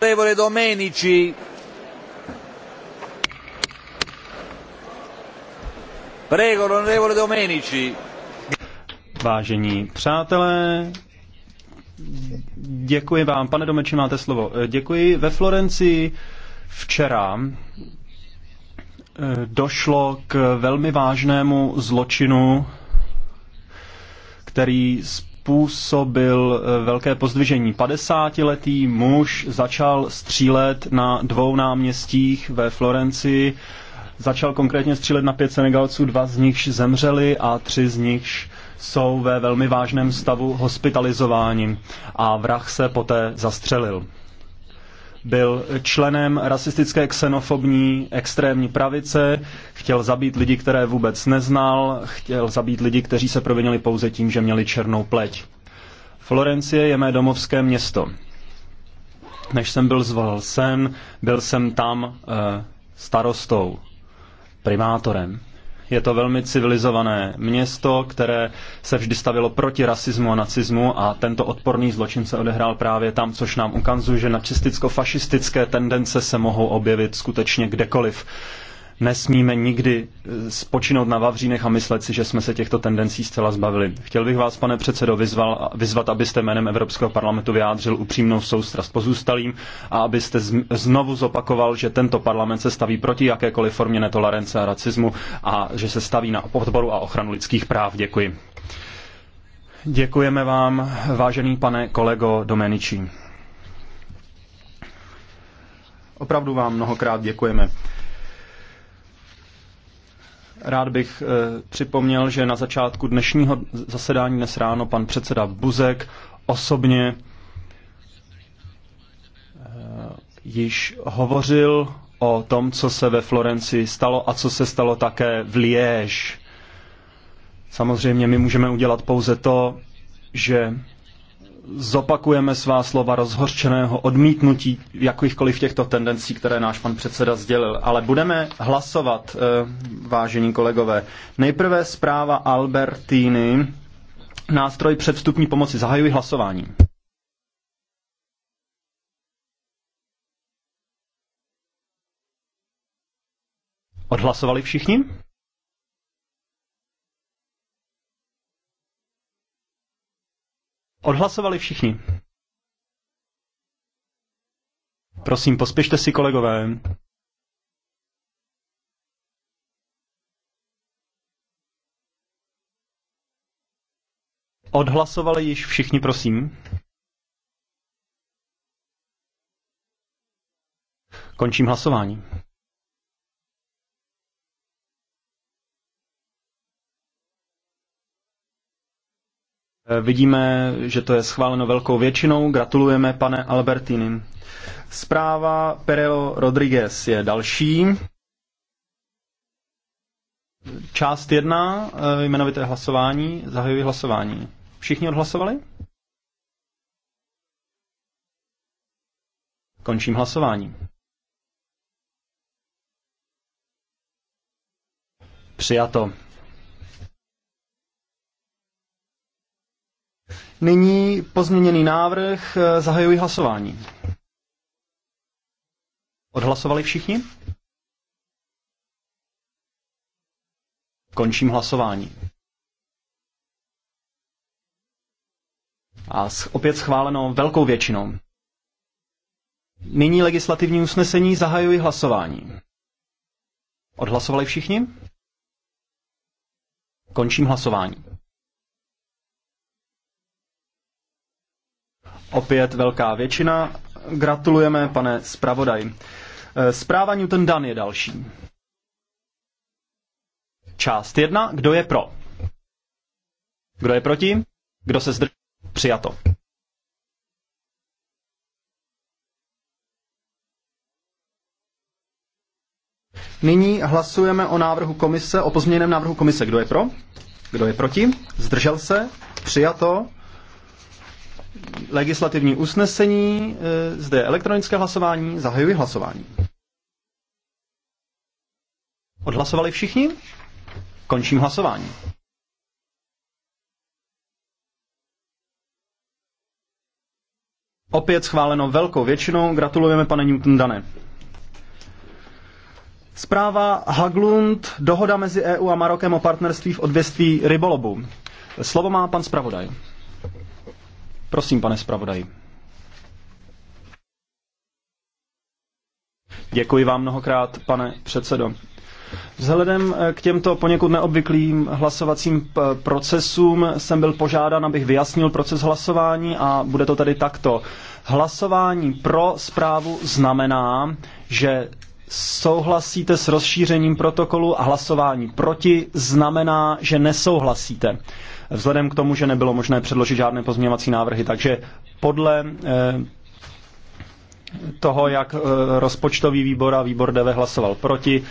Onorevole Domenici. Prego, onorevole Domenici. Vážení přátelé, děkuji vám. Pane Domeči, máte slovo. Eh, děkuji. Ve Florencii včera eh, došlo k velmi vážnému zločinu, který způsobil eh, velké pozdvižení. 50-letý muž začal střílet na dvou náměstích ve Florencii. Začal konkrétně střílet na pět Senegalců, dva z nich zemřeli a tři z nich jsou ve velmi vážném stavu hospitalizováni. A vrah se poté zastřelil byl členem rasistické, xenofobní, extrémní pravice, chtěl zabít lidi, které vůbec neznal, chtěl zabít lidi, kteří se provinili pouze tím, že měli černou pleť. Florencie je mé domovské město. Než jsem byl zvolen sen, byl jsem tam e, starostou, primátorem. Je to velmi civilizované město, které se vždy stavilo proti rasismu a nacismu a tento odporný zločin se odehrál právě tam, což nám ukazuje, že nacisticko-fašistické tendence se mohou objevit skutečně kdekoliv nesmíme nikdy eh, spočinout na Vavřínech a myslet si, že jsme se těchto tendencí zcela zbavili. Chtěl bych vás, pane předsedo, vyzval, vyzvat, abyste jménem Evropského parlamentu vyjádřil upřímnou soustrast pozůstalým a abyste znovu zopakoval, že tento parlament se staví proti jakékoliv formě netolerance a racismu a že se staví na podporu a ochranu lidských práv. Děkuji. Děkujeme vám, vážený pane kolego Domeničí. Opravdu vám mnohokrát děkujeme. Rád bych eh, připomněl, že na začátku dnešního zasedání dnes ráno pan předseda Buzek osobně eh, již hovořil o tom, co se ve Florenci stalo a co se stalo také v Liège. Samozřejmě my můžeme udělat pouze to, že zopakujeme svá slova rozhořčeného odmítnutí jakýchkoliv těchto tendencí, které náš pan předseda sdělil. Ale budeme hlasovat, eh, vážení kolegové. Nejprve zpráva Albertiny nástroj předstupní pomoci. Zahajuji hlasování. Odhlasovali všichni? Odhlasovali všichni. Prosím, pospěšte si kolegové. Odhlasovali již všichni, prosím. Končím hlasování. Eh, vidíme, že to je schváleno velkou většinou. Gratulujeme, pane Albertini. Zpráva Perelo Rodriguez je další. Část jedna, eh, jmenovité hlasování, zahajuji hlasování. Všichni odhlasovali? Končím hlasování. Přijato. Nyní pozměněný návrh, eh, zahajuji hlasování. Odhlasovali všichni? Končím hlasování. A opět schváleno velkou většinou. Nyní legislativní usnesení zahajuji hlasování. Odhlasovali všichni? Končím hlasování. Opět velká většina. Gratulujeme, pane zpravodaj. Eh, zpráva Newton Dan je další. Část jedna. Kdo je pro? Kdo je proti? Kdo se zdrží? Přijato. Nyní hlasujeme o návrhu komise, o pozměněném návrhu komise. Kdo je pro? Kdo je proti? Zdržel se? Přijato legislativní usnesení, e, zde elektronické hlasování, zahajuji hlasování. Odhlasovali všichni? Končím hlasování. Opět schváleno velkou většinou. Gratulujeme, pane Newton Dane. Zpráva Haglund, dohoda mezi EU a Marokem o partnerství v odvěství rybolobu. Slovo má pan zpravodaj. Prosím, pane zpravodaji. Děkuji vám mnohokrát, pane předsedo. Vzhledem eh, k těmto poněkud neobvyklým hlasovacím eh, procesům jsem byl požádán, abych vyjasnil proces hlasování a bude to tedy takto. Hlasování pro zprávu znamená, že souhlasíte s rozšířením protokolu a hlasování proti znamená, že nesouhlasíte vzhledem k tomu, že nebylo možné předložit žádné pozměňovací návrhy. Takže podle eh, toho, jak eh, rozpočtový výbor a výbor DV hlasoval proti,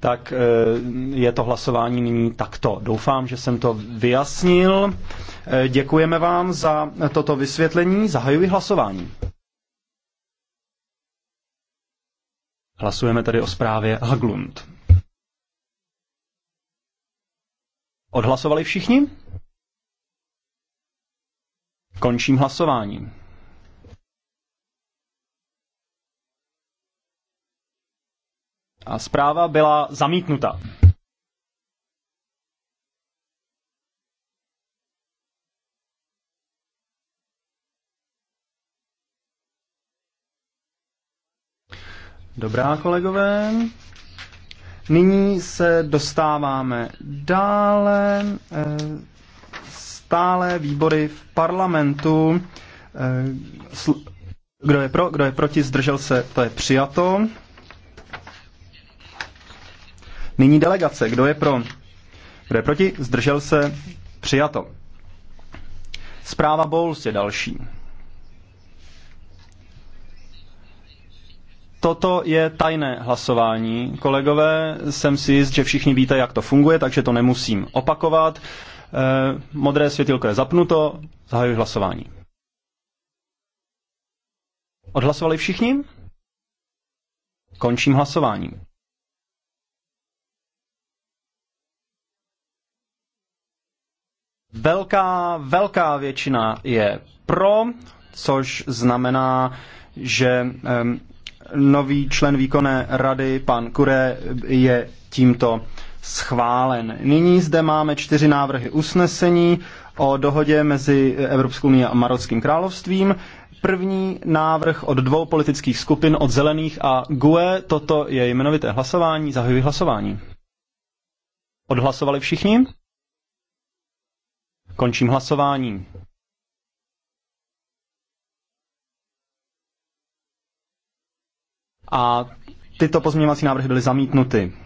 tak eh, je to hlasování nyní takto. Doufám, že jsem to vyjasnil. Děkujeme vám za toto vysvětlení. Zahajuji hlasování. Hlasujeme tedy o zprávě Haglund. Odhlasovali všichni? Končím hlasování. A zpráva byla zamítnuta. Dobrá, kolegové. Nyní se dostáváme dále. Eh, Stále výbory v parlamentu. Eh, kdo je pro, kdo je proti, zdržel se, to je přijato. Nyní delegace. Kdo je pro? Kdo je proti? Zdržel se? Přijato. Zpráva Bowles je další. Toto je tajné hlasování. Kolegové, jsem si jist, že všichni víte, jak to funguje, takže to nemusím opakovat. Eh, modré světilko je zapnuto, zahajuji hlasování. Odhlasovali všichni? Končím hlasování. Velká, velká většina je pro, což znamená, že nový člen výkonné rady, pan Kure, je tímto schválen. Nyní zde máme čtyři návrhy usnesení o dohodě mezi Evropskou unii a Marockým královstvím. První návrh od dvou politických skupin, od Zelených a GUE, toto je jmenovité hlasování, zahajuji hlasování. Odhlasovali všichni? Končím hlasování. A tyto pozměňovací návrhy byly zamítnuty.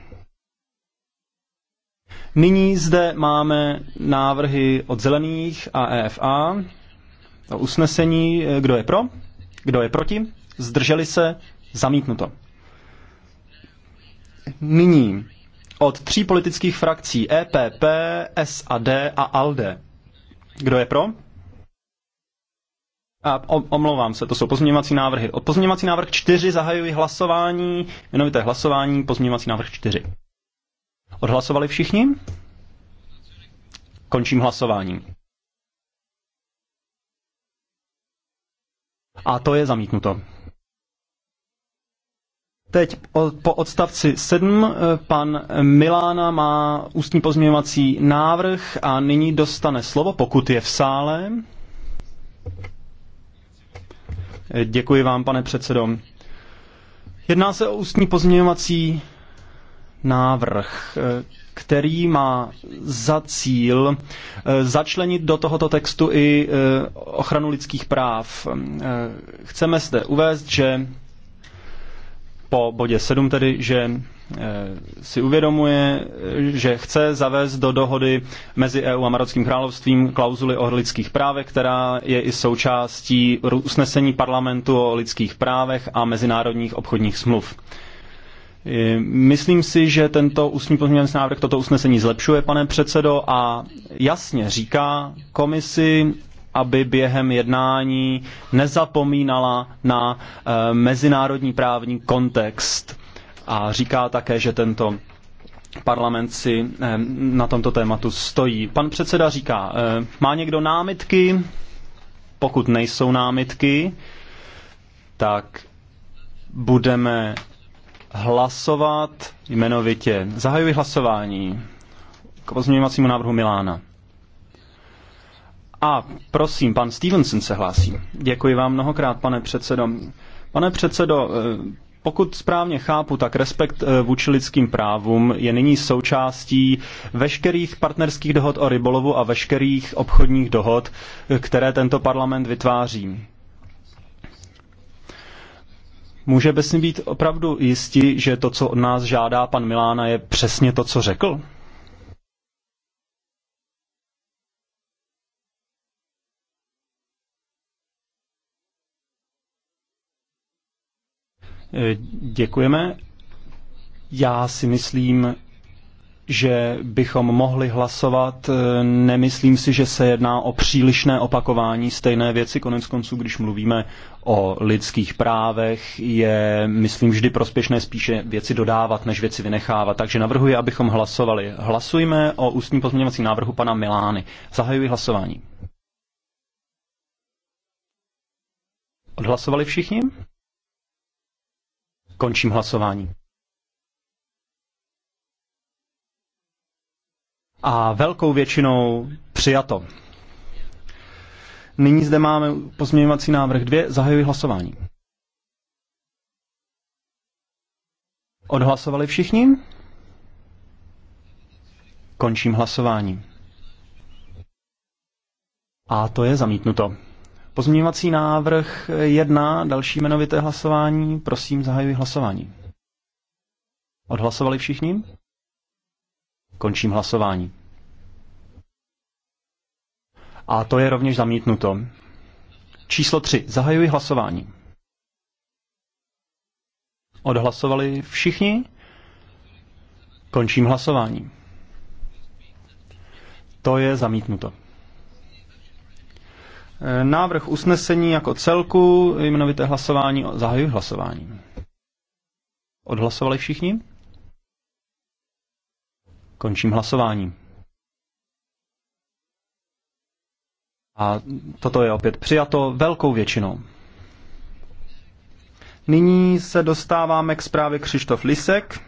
Nyní zde máme návrhy od Zelených a EFA To usnesení, eh, kdo je pro, kdo je proti, zdrželi se, zamítnuto. Nyní od tří politických frakcí EPP, SAD a ALDE. Kdo je pro? A omlouvám se, to jsou pozměňovací návrhy. Od pozměňovací návrh 4 zahajuji hlasování, jmenovité hlasování, pozměňovací návrh 4. Odhlasovali všichni? Končím hlasování. A to je zamítnuto. Teď po odstavci 7 eh, pan Milána má ústní pozměňovací návrh a nyní dostane slovo, pokud je v sále. Eh, děkuji vám, pane předsedo. Jedná se o ústní pozměňovací návrh, eh, který má za cíl eh, začlenit do tohoto textu i eh, ochranu lidských práv. Chceme zde uvést, že po bodě 7 tedy, že si uvědomuje, že chce zavést do dohody mezi EU a Marockým královstvím klauzuly o lidských právech, která je i součástí usnesení parlamentu o lidských právech a mezinárodních obchodních smluv. Myslím si, že tento ústní pozměňovací návrh toto usnesení zlepšuje, pane předsedo, a jasně říká komisi, aby během jednání nezapomínala na eh, mezinárodní právní kontext. A říká také, že tento parlament si eh, na tomto tématu stojí. Pan předseda říká, eh, má někdo námitky? Pokud nejsou námitky, tak budeme hlasovat jmenovitě. Zahajuji hlasování k pozměňovacímu návrhu Milána. A prosím, pan Stevenson se hlásí. Děkuji vám mnohokrát, pane předsedo. Pane předsedo, eh, pokud správně chápu, tak respekt eh, vůči lidským právům je nyní součástí veškerých partnerských dohod o rybolovu a veškerých obchodních dohod, eh, které tento parlament vytváří. Můžeme si být opravdu jistí, že to, co od nás žádá pan Milána, je přesně to, co řekl? Eh, děkujeme. Já si myslím, že bychom mohli hlasovat. E, nemyslím si, že se jedná o přílišné opakování stejné věci. Konec konců, když mluvíme o lidských právech, je, myslím, vždy prospěšné spíše věci dodávat, než věci vynechávat. Takže navrhuji, abychom hlasovali. Hlasujme o ústním pozměňovacím návrhu pana Milány. Zahajuji hlasování. Odhlasovali všichni? Končím hlasování. a velkou většinou přijato. Nyní zde máme pozměňovací návrh 2. Zahajuji hlasování. Odhlasovali všichni? Končím hlasování. A to je zamítnuto. Pozměňovací návrh 1, další jmenovité hlasování. Prosím, zahajuji hlasování. Odhlasovali všichni? Končím hlasování. A to je rovněž zamítnuto. Číslo 3. Zahajuji hlasování. Odhlasovali všichni? Končím hlasování. To je zamítnuto. Návrh usnesení jako celku, jmenovité hlasování, zahajuji hlasování. Odhlasovali všichni? Končím hlasování. A toto je opět přijato velkou většinou. Nyní se dostáváme k zprávě Křištof Lisek.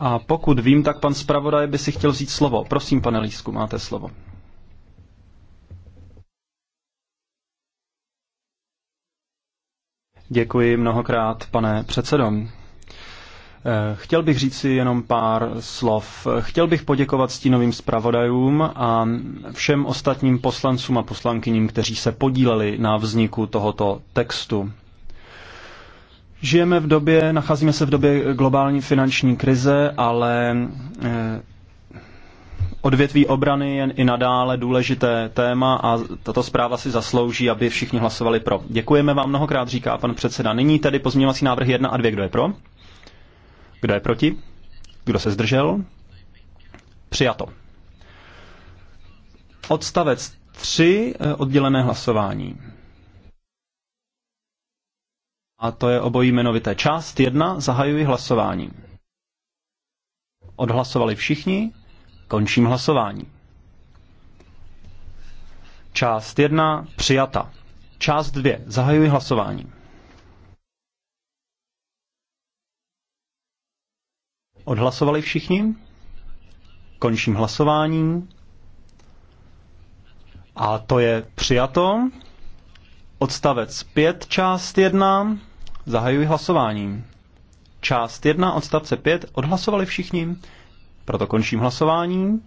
A pokud vím, tak pan zpravodaj by si chtěl vzít slovo. Prosím, pane Lísku, máte slovo. Děkuji mnohokrát, pane předsedo. Eh, chtěl bych říct si jenom pár slov. Chtěl bych poděkovat stínovým zpravodajům a všem ostatním poslancům a poslankyním, kteří se podíleli na vzniku tohoto textu. Žijeme v době, nacházíme se v době globální finanční krize, ale eh, Odvětví obrany je i nadále důležité téma a tato zpráva si zaslouží, aby všichni hlasovali pro. Děkujeme vám mnohokrát, říká pan předseda. Nyní tedy pozměňovací návrh 1 a 2. Kdo je pro? Kdo je proti? Kdo se zdržel? Přijato. Odstavec 3, eh, oddělené hlasování. A to je obojí jmenovité. Část 1, zahajuji hlasování. Odhlasovali všichni? Končím hlasování. Část 1 přijata. Část 2. Zahajuji hlasování. Odhlasovali všichni? Končím hlasování. A to je přijato. Odstavec 5, část 1. Zahajuji hlasování. Část 1, odstavce 5. Odhlasovali všichni? Proto končím hlasování.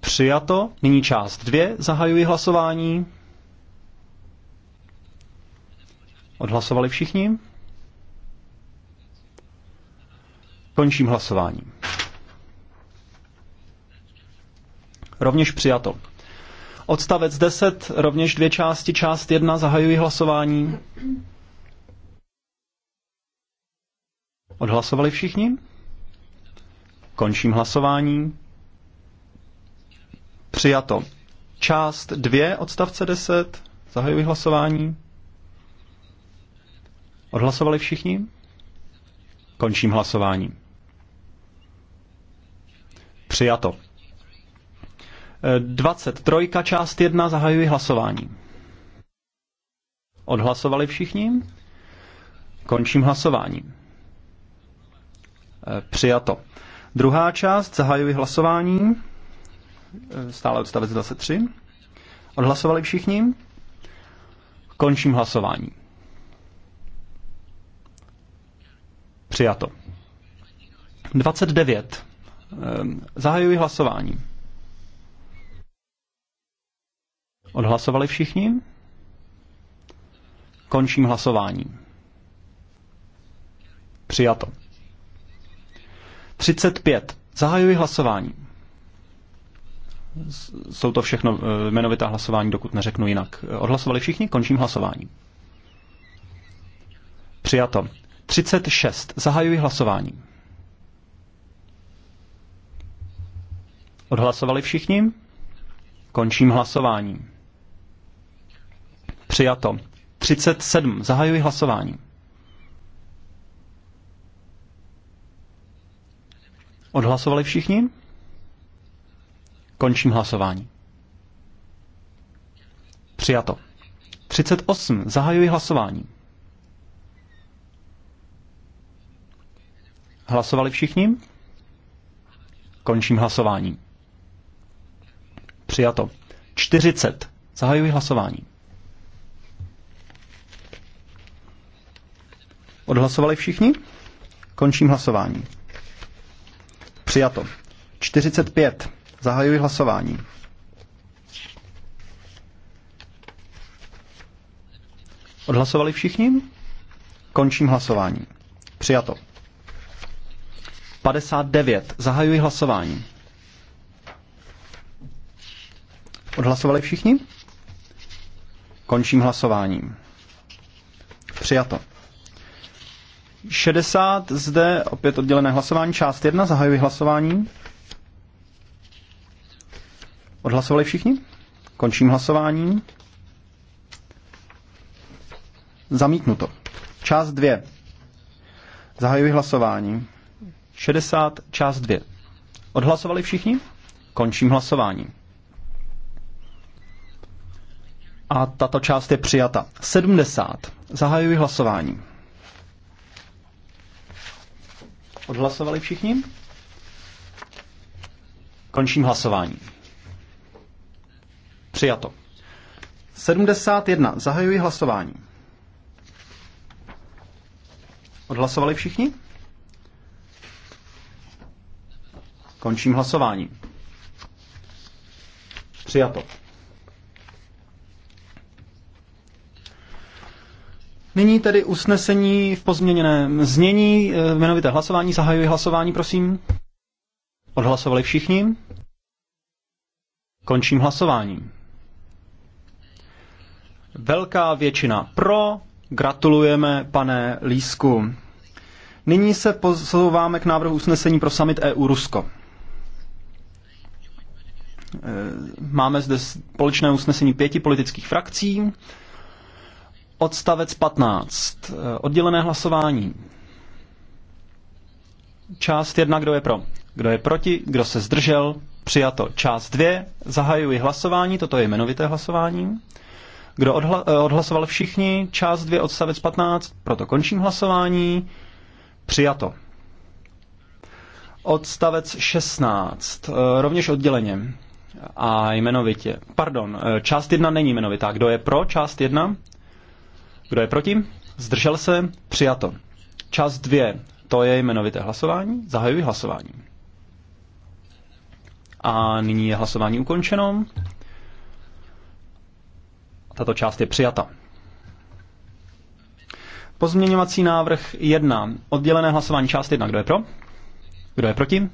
Přijato. Nyní část 2. Zahajuji hlasování. Odhlasovali všichni? Končím hlasování. Rovněž přijato. Odstavec 10, rovněž dvě části, část 1, zahajuji hlasování. Odhlasovali všichni? Končím hlasování. Přijato. Část 2 odstavce 10. Zahajuji hlasování. Odhlasovali všichni? Končím hlasování. Přijato. 23. část 1. Zahajuji hlasování. Odhlasovali všichni? Končím hlasování. Přijato. Druhá část, zahajuji hlasování. Stále odstavec 23. Odhlasovali všichni? Končím hlasování. Přijato. 29. Ehm, zahajuji hlasování. Odhlasovali všichni? Končím hlasování. Přijato. 35. Zahajuji hlasování. Jsou to všechno eh, jmenovitá hlasování, dokud neřeknu jinak. Odhlasovali všichni? Končím hlasování. Přijato. 36. Zahajuji hlasování. Odhlasovali všichni? Končím hlasování. Přijato. 37. Zahajuji hlasování. Odhlasovali všichni? Končím hlasování. Přijato. 38. Zahajuji hlasování. Hlasovali všichni? Končím hlasování. Přijato. 40. Zahajuji hlasování. Odhlasovali všichni? Končím hlasování. Přijato. 45. Zahajuji hlasování. Odhlasovali všichni? Končím hlasování. Přijato. 59. Zahajuji hlasování. Odhlasovali všichni? Končím hlasování. Přijato. 60 zde opět oddělené hlasování. Část 1 zahajuji hlasování. Odhlasovali všichni? Končím hlasování. Zamítnuto. Část 2. Zahajuji hlasování. 60 část 2. Odhlasovali všichni? Končím hlasování. A tato část je přijata. 70. Zahajuji hlasování. Odhlasovali všichni? Končím hlasování. Přijato. 71. Zahajuji hlasování. Odhlasovali všichni? Končím hlasování. Přijato. Nyní tedy usnesení v pozměněném znění, eh, jmenovité hlasování, zahajuji hlasování, prosím. Odhlasovali všichni? Končím hlasování. Velká většina pro, gratulujeme pane Lísku. Nyní se posouváme k návrhu usnesení pro summit EU-Rusko. Eh, máme zde společné usnesení pěti politických frakcí. Odstavec 15. Oddělené hlasování. Část 1. Kdo je pro? Kdo je proti? Kdo se zdržel? Přijato. Část 2. Zahajuji hlasování. Toto je jmenovité hlasování. Kdo odhla- eh, odhlasoval všichni? Část 2. Odstavec 15. Proto končím hlasování. Přijato. Odstavec 16. Eh, rovněž odděleně a jmenovitě. Pardon, eh, část 1 není jmenovitá. Kdo je pro část 1? Kdo je proti? Zdržel se? Přijato. Čas dvě. To je jmenovité hlasování. Zahajuji hlasování. A nyní je hlasování ukončeno. Tato část je přijata. Pozměňovací návrh 1. Oddělené hlasování část 1. Kdo je pro? Kdo je proti?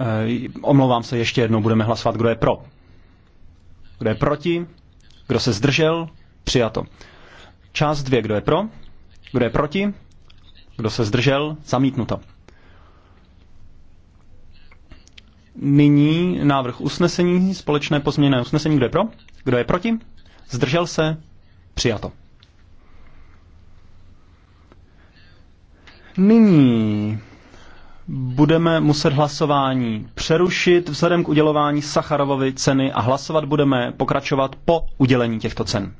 E, omlouvám se ještě jednou, budeme hlasovat, kdo je pro. Kdo je proti? Kdo se zdržel? Přijato. Část dvě. Kdo je pro? Kdo je proti? Kdo se zdržel? Zamítnuto. Nyní návrh usnesení, společné pozměněné usnesení. Kdo je pro? Kdo je proti? Zdržel se? Přijato. Nyní budeme muset hlasování přerušit vzhledem k udělování Sacharovovy ceny a hlasovat budeme pokračovat po udělení těchto cen.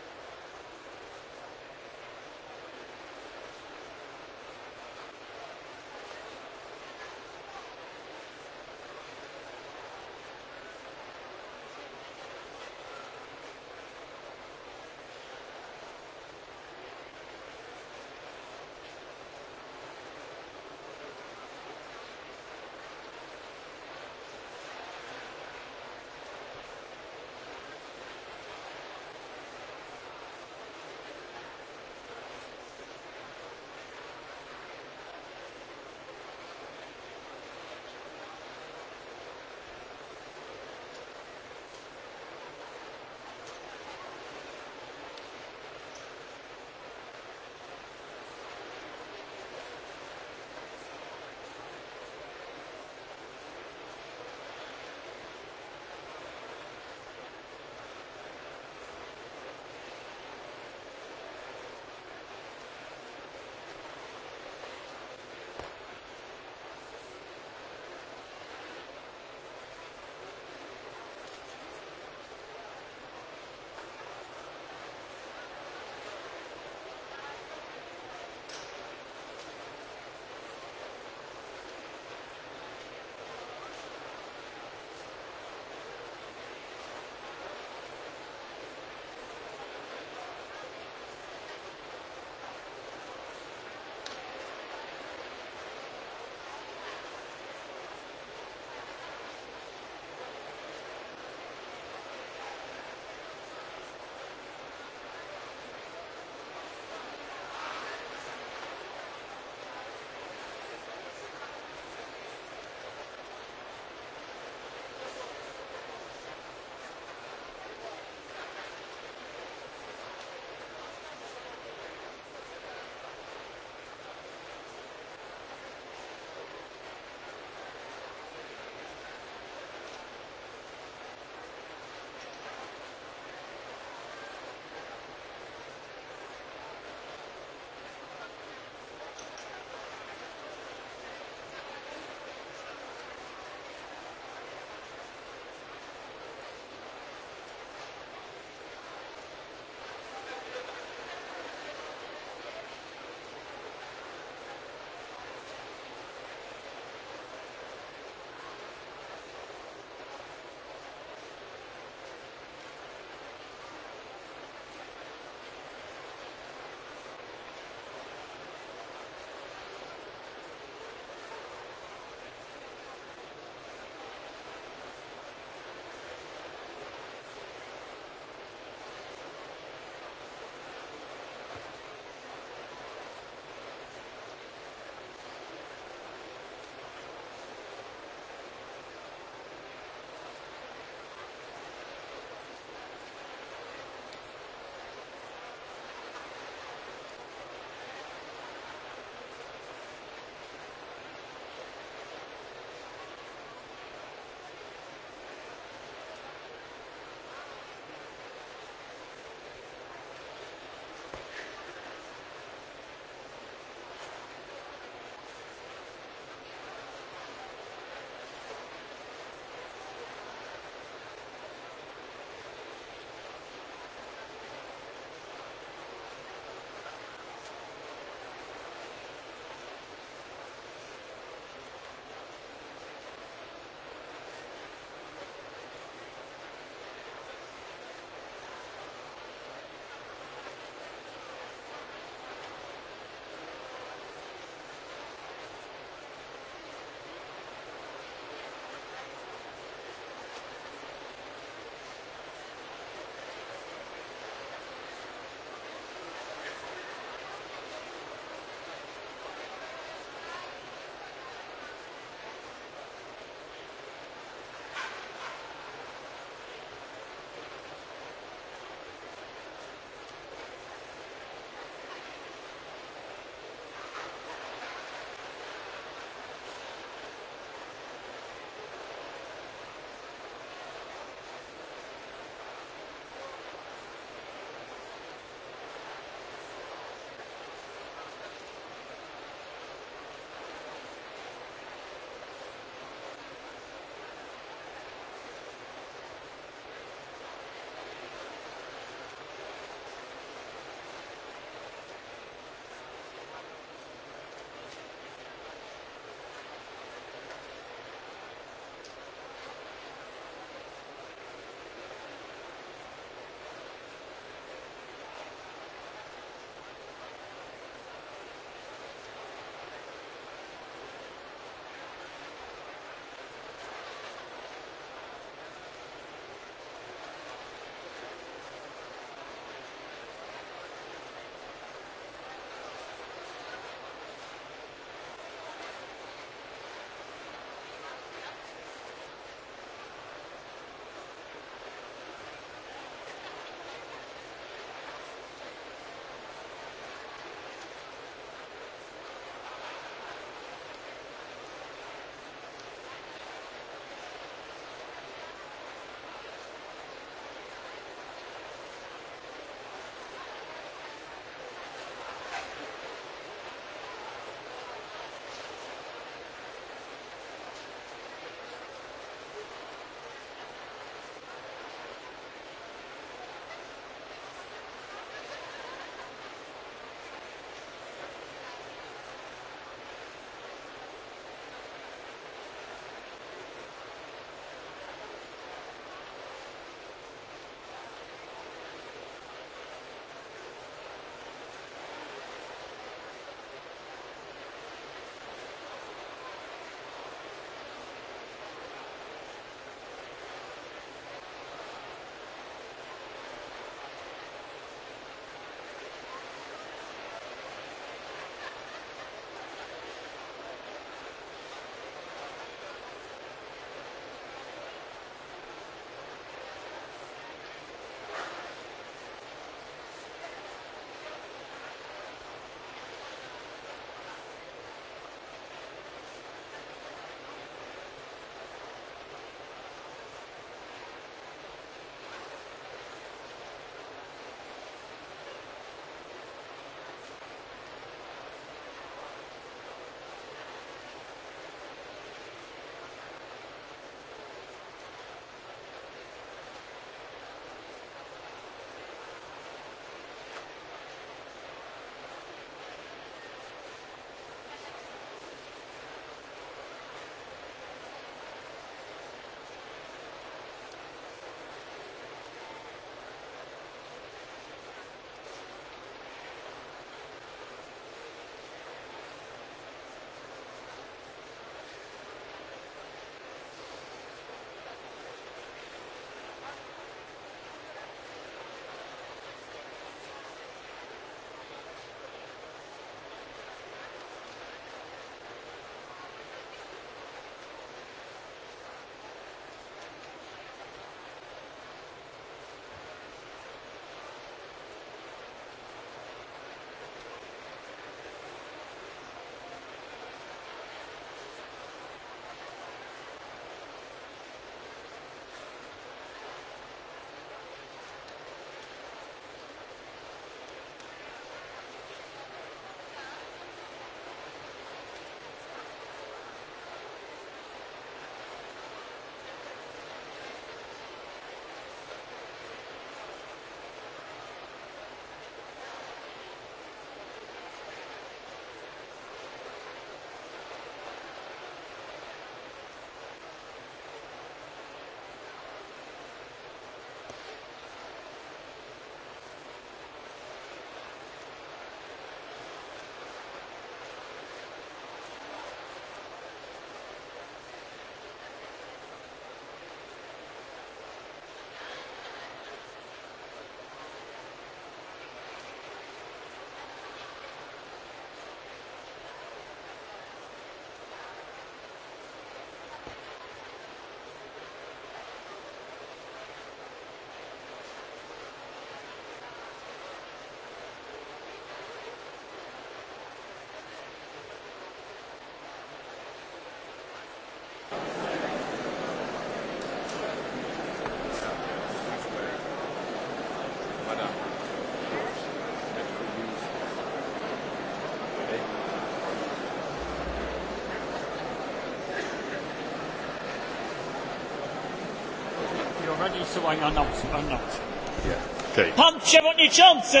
Pan předsedající!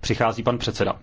Přichází pan předseda.